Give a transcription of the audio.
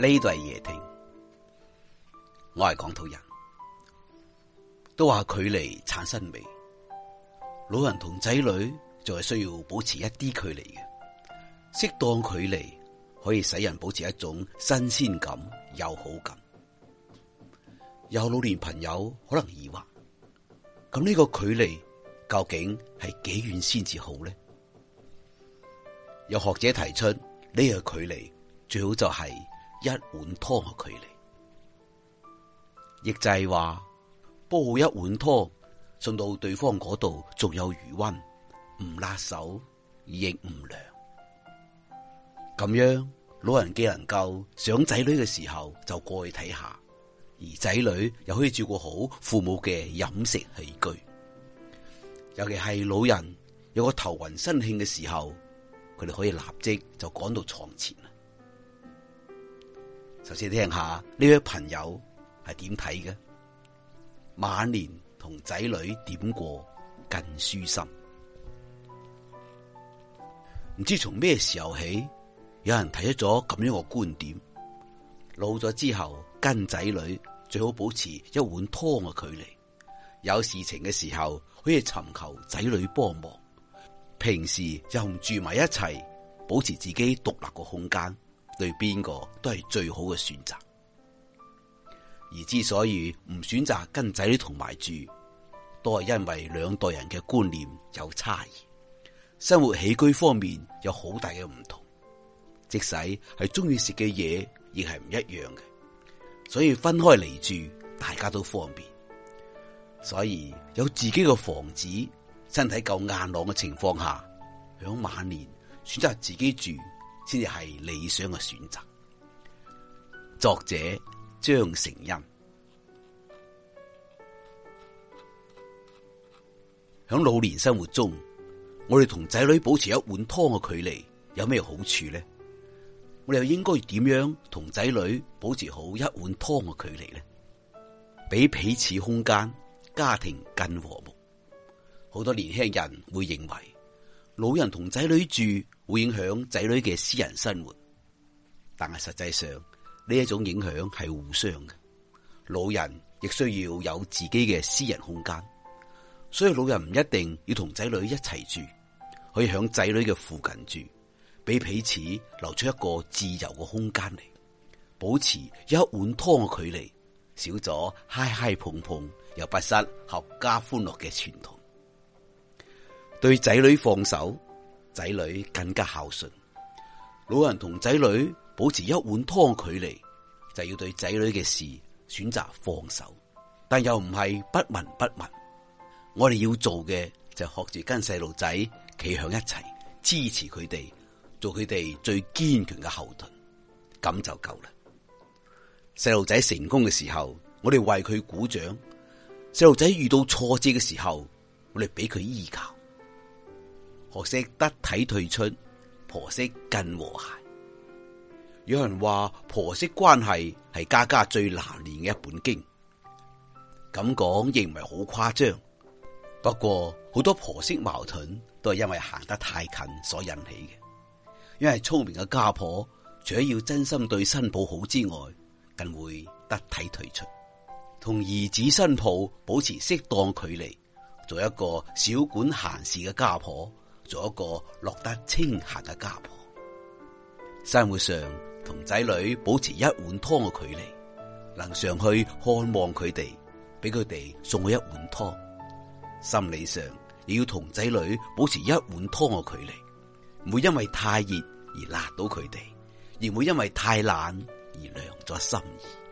呢度係夜聽，我係廣土人，都話距離產生美。老人同仔女就係需要保持一啲距離嘅，適當距離可以使人保持一種新鮮感、有好感。有老年朋友可能疑惑，咁呢個距離究竟係幾遠先至好呢？有學者提出，呢個距離最好就係。一碗湯嘅距離，亦就係話煲好一碗湯，送到對方嗰度，仲有餘温，唔辣手亦唔涼。咁樣，老人既能夠想仔女嘅時候就過去睇下，而仔女又可以照顧好父母嘅飲食起居。尤其係老人有個頭暈身慶嘅時候，佢哋可以立即就趕到床前。首先聽下呢位朋友係點睇嘅，晚年同仔女點過更舒心？唔知從咩時候起，有人提出咗咁樣個觀點：老咗之後，跟仔女最好保持一碗湯嘅距離。有事情嘅時候可以尋求仔女幫忙，平時就唔住埋一齊，保持自己獨立個空間。對邊個都係最好嘅選擇，而之所以唔選擇跟仔女同埋住，都係因為兩代人嘅觀念有差異，生活起居方面有好大嘅唔同，即使係中意食嘅嘢亦係唔一樣嘅，所以分開嚟住，大家都方便。所以有自己嘅房子，身體夠硬朗嘅情況下，響晚年選擇自己住。先至係理想嘅選擇。作者張承恩。喺老年生活中，我哋同仔女保持一碗湯嘅距離有咩好處呢？我哋又應該點樣同仔女保持好一碗湯嘅距離呢？俾彼此空間，家庭更和睦。好多年輕人會認為。老人同仔女住會影響仔女嘅私人生活，但係實際上呢一種影響係互相嘅。老人亦需要有自己嘅私人空間，所以老人唔一定要同仔女一齊住，可以響仔女嘅附近住，俾彼此留出一個自由嘅空間嚟，保持一碗湯嘅距離，少咗嗨嗨碰碰碰，又不失合家歡樂嘅傳統。對仔女放手，仔女更加孝順。老人同仔女保持一碗湯距離，就要對仔女嘅事選擇放手，但又唔係不聞不問。我哋要做嘅，就學住跟細路仔企響一齊，支持佢哋，做佢哋最堅強嘅後盾，咁就夠啦。細路仔成功嘅時候，我哋為佢鼓掌；細路仔遇到挫折嘅時候，我哋俾佢依靠。學識得體退出，婆媳更和諧。有人話婆媳關係係家家最難念嘅一本經，咁講亦唔係好誇張。不過好多婆媳矛盾都係因為行得太近所引起嘅。因為聰明嘅家婆，除咗要真心對新抱好之外，更會得體退出，同兒子新抱保持適當距離，做一個少管閒事嘅家婆。做一個落得清閒嘅家婆，生活上同仔女保持一碗湯嘅距離，能上去看望佢哋，俾佢哋送去一碗湯。心理上，亦要同仔女保持一碗湯嘅距離，唔會因為太熱而辣到佢哋，而會因為太冷而涼咗心意。